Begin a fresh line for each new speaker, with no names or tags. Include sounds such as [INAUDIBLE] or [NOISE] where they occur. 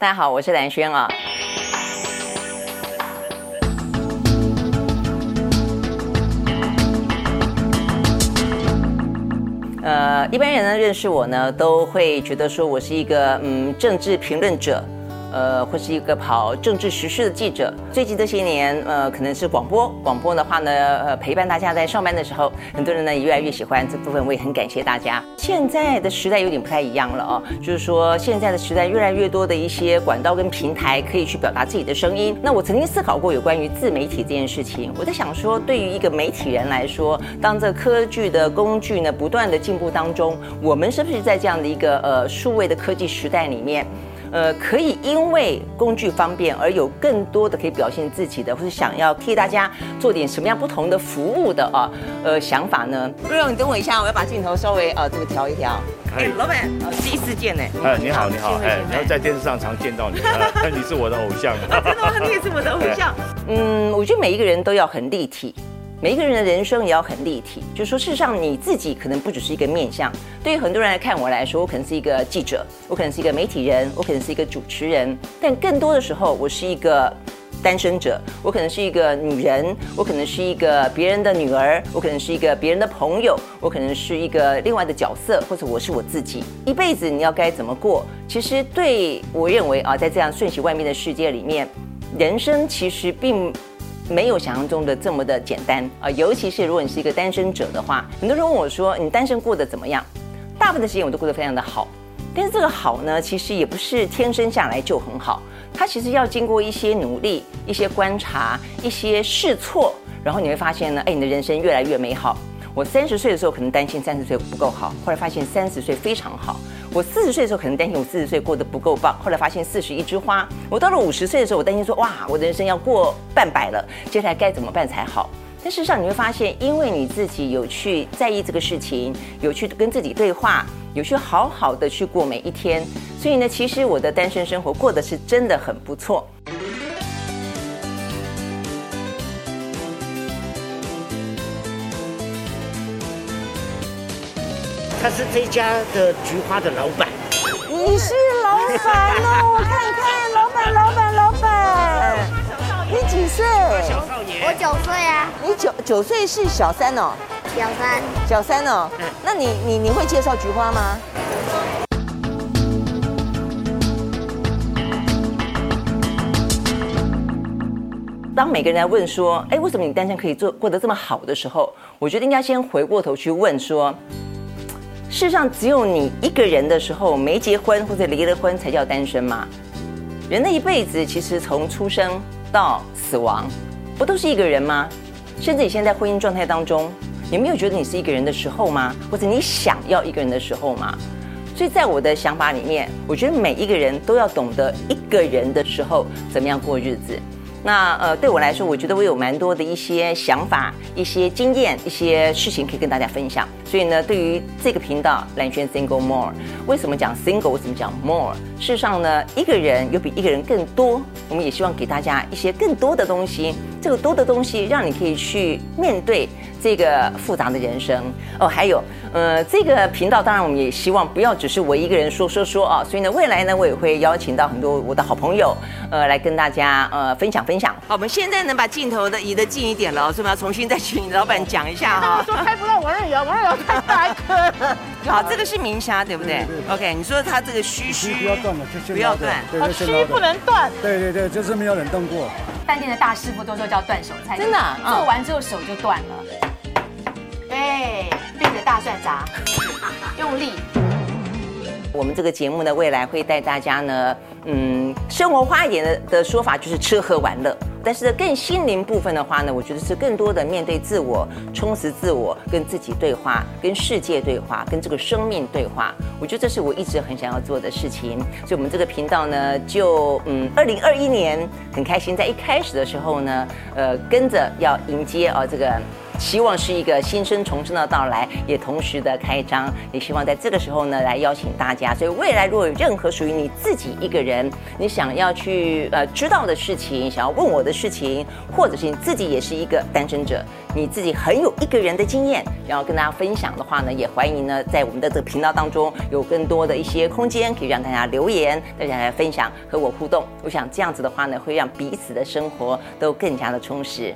大家好，我是蘭萱啊。呃，一般人呢，認識我呢，都會覺得說我是一個，嗯，政治評論者。呃，或是一個跑政治時事的記者。最近這些年，呃，可能是廣播，廣播的話呢，呃，陪伴大家在上班的時候，很多人呢也越來越喜歡這部分，我也很感謝大家。現在的時代有點不太一樣了哦，就是說現在的時代越來越多的一些管道跟平台可以去表達自己的聲音。那我曾經思考過有關於自媒體這件事情，我在想說，對於一個媒體人來說，當這科技的工具呢不斷的進步當中，我們是不是在這樣的一個呃數位的科技時代裡面？呃，可以因為工具方便而有更多的可以表現自己的，或是想要替大家做點什麼樣不同的服務的啊，呃，想法呢？瑞龍，你等我一下，我要把鏡頭稍微呃這個調一調。哎 Hey.、hey, oh,，老闆 Hey,、嗯，第一次見呢。哎，你好，你好。哎，然後 Hey, 在電視上常見到你，那 [LAUGHS] [LAUGHS] 你是我的偶像。 [LAUGHS] oh, 真的嗎？你也是我的偶像。 [LAUGHS] 嗯，我覺得每一個人都要很立體。每一個人的人生也要很立體，就是說事實上你自己可能不只是一個面向。對於很多人來看我來說，我可能是一個記者，我可能是一個媒體人，我可能是一個主持人，但更多的時候我是一個單身者，我可能是一個女人，我可能是一個別人的女兒，我可能是一個別人的朋友，我可能是一個另外的角色，或者我是我自己。一輩子你要該怎麼過？其實對我認為啊，在這樣瞬息萬變的世界裡面，人生其實並沒有想象中的這麼的簡單啊！尤其是如果你是一個單身者的話，很多人問我說：“你單身過得怎麼樣？”大部分的時間我都過得非常的好，但是這個好呢，其實也不是天生下來就很好，它其實要經過一些努力、一些觀察、一些試錯，然後你會發現呢，哎，你的人生越來越美好。我三十歲的時候，可能擔心三十歲不夠好，後來發現三十歲非常好。我四十歲的時候，可能擔心我四十歲過得不夠棒，後來發現四十一枝花。我到了五十歲的時候，我擔心說哇，我的人生要過半百了，接下來該怎麼辦才好？但事實上你會發現，因為你自己有去在意這個事情，有去跟自己對話，有去好好的去過每一天，所以呢，其實我的單身生活過得是真的很不錯。他是這家的菊花的老闆。你是老闆哦，我看看，老闆，老闆，老闆。老啊、你幾歲？九，我九歲啊。你九九歲是小三哦。小三。小三哦，嗯、那你你你會介紹菊花嗎？嗯、當每個人在問說，哎、欸，為什麼你單身可以做過得這麼好的時候，我覺得應該先回過頭去問說。世上只有你一個人的時候，沒結婚或者離了婚才叫單身嘛。人的一輩子其實從出生到死亡，不都是一個人嗎？甚至你現在婚姻狀態當中，你沒有覺得你是一個人的時候嗎？或者你想要一個人的時候嗎？所以在我的想法裡面，我覺得每一個人都要懂得一個人的時候怎麼樣過日子。那呃，對我來說，我覺得我有蠻多的一些想法、一些經驗、一些事情可以跟大家分享。所以呢，對於這個頻道“蘭萱 Single More”，為什麼講 “Single”？為什麼講 “More”？事實上呢，一個人有比一個人更多。我們也希望給大家一些更多的東西。這個多的東西讓你可以去面對這個複雜的人生哦。還有，呃，這個頻道當然我們也希望不要只是我一個人說說說哦。所以呢，未來呢，我也會邀請到很多我的好朋友，呃，來跟大家呃分享分享。分享好，我們現在能把鏡頭的移得近一點了，所以我們要重新再請老板講一下哈。說拍不到王瑞瑤，王瑞瑤太大咖了。對好，對這個是明蝦，對不對,對,對,對,對？OK，你說它這個須須不要斷嘛？就不要斷，它須、啊、不能斷。對對對，就是沒有冷凍過。飯店的大師傅都說叫斷手菜，真的、啊，嗯、做完之後手就斷了。對、嗯，對着、哎、大蒜砸，用力。 [NOISE] 我們這個節目呢，未來會帶大家呢，嗯，生活化一點的的說法就是吃喝玩樂。但是更心靈部分的話呢，我覺得是更多的面對自我，充實自我，跟自己對話，跟世界對話，跟這個生命對話。我覺得這是我一直很想要做的事情。所以，我們這個頻道呢，就嗯，二零二一年很開心，在一開始的時候呢，呃，跟着要迎接哦這個。希望是一個新生重生的到來，也同時的開張。也希望在這個時候呢，來邀請大家。所以未來如果有任何屬於你自己一個人，你想要去呃知道的事情，想要問我的事情，或者是你自己也是一個單身者，你自己很有一個人的經驗，然後跟大家分享的話呢，也歡迎呢在我們的這個頻道當中有更多的一些空間可以讓大家留言，大家來分享和我互動。我想這樣子的話呢，會讓彼此的生活都更加的充實。